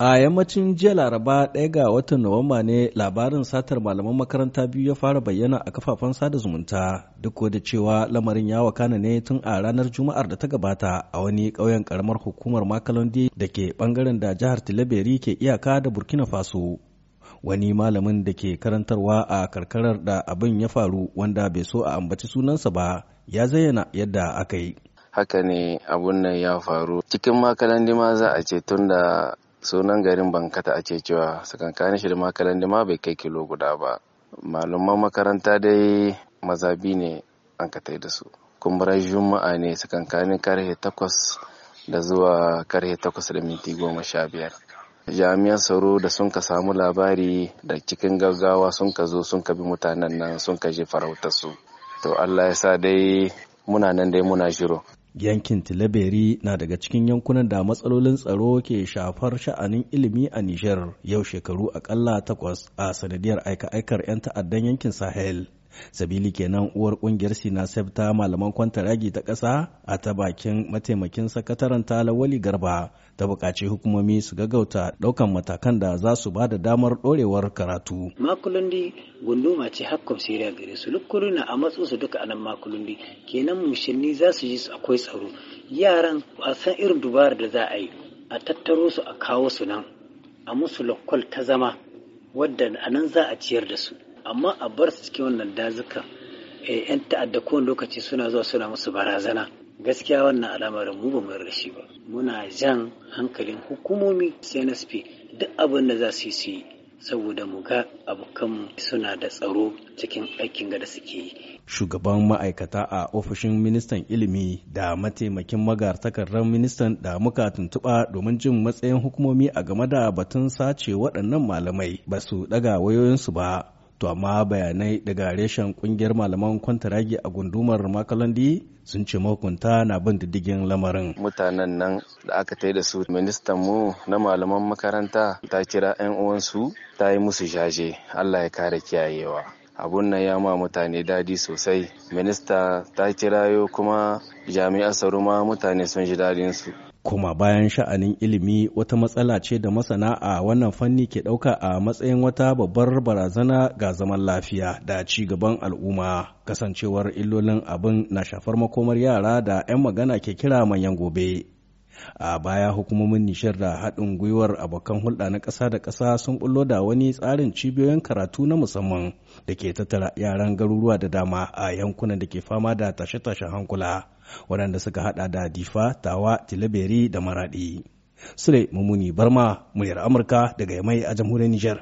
A yammacin jiya Laraba ɗaya ga watan Nuwamba ne labarin satar malaman makaranta biyu ya fara bayyana a kafafen sada zumunta duk da cewa lamarin ya wakana ne tun a ranar Juma'ar da ta gabata a wani ƙauyen ƙaramar hukumar Makalondi da ke ɓangaren da jihar Tilaberi ke iyaka da Burkina Faso. Wani malamin da ke karantarwa a karkarar da abin ya faru wanda bai so a ambaci sunansa ba ya zayyana yadda aka yi. Haka ne abun nan ya faru cikin makalandi ma za a ce tun da sunan garin bankata ake cewa tsakankanin shi da makalandi ma bai kai kilo guda ba malaman makaranta dai mazabi ne an ka da su kuma juma'a ne tsakankanin karhe takwas da zuwa karhe takwas da minti goma sha biyar jami'an tsaro da sun ka samu labari da cikin gaggawa sun ka zo sun ka bi mutanen nan sun ka je farautarsu to allah ya sa dai muna nan dai muna shiro yankin tileberi na daga cikin yankunan da matsalolin tsaro ke shafar sha'anin ilimi a nijar yau shekaru akalla takwas a sanadiyar aika-aikar 'yan ta'addan yankin sahel sabili kenan uwar kungiyar sinasef ta malaman kwantaragi ta ƙasa a ta bakin mataimakin sakataren talawali garba ta bukaci hukumomi su gaggauta ɗaukan matakan da za su ba da damar ɗorewar karatu makulundi gunduma ce hakkon siriya gare su na a matsu su duka anan makulundi kenan mushinni za su yi akwai tsaro yaran a san irin dubar da za a yi a tattaro su a kawo su nan a musu lokal ta zama wadda anan nan za a ciyar da su amma a bar su cikin wannan dazuka eh, yan ta'adda kowane lokaci suna zuwa suna musu barazana gaskiya wannan al'amarin mu ba mu ba muna jan hankalin hukumomi CNSP duk abin da za su yi su yi saboda mu ga abokanmu suna da tsaro cikin aikin da suke yi. Shugaban ma'aikata a ofishin ministan ilimi da mataimakin magatakardar ministan da muka tuntuɓa domin jin matsayin hukumomi a game da batun sace waɗannan malamai ba su ɗaga wayoyinsu ba To amma bayanai daga reshen kungiyar malaman kwantaragi a gundumar Makalandi sun ce mahukunta na bin diddigin lamarin. Mutanen nan da aka tai da su ministan mu na malaman makaranta ta kira 'yan uwansu ta yi musu jaje Allah ya kare kiyayewa. abun nan ya ma mutane dadi sosai minista ta kirayo kuma jami'an tsaro ma mutane sun ji dadin su Kuma bayan sha'anin ilimi wata matsala ce da masana a wannan fanni ke ɗauka a matsayin wata babbar barazana ga zaman lafiya da ci gaban al'umma kasancewar illolin abin na shafar makomar yara da 'yan magana ke kira manyan gobe. a baya hukumomin nishar da haɗin gwiwar abokan hulɗa na ƙasa da ƙasa sun bullo da wani tsarin cibiyoyin karatu na musamman da ke tattara yaran garuruwa da dama a yankunan da ke fama da tashe-tashen hankula waɗanda suka haɗa da difa tawa tilaberi da maraɗi sule mummuni barma muryar amurka daga yamai a jamhuriyar nijar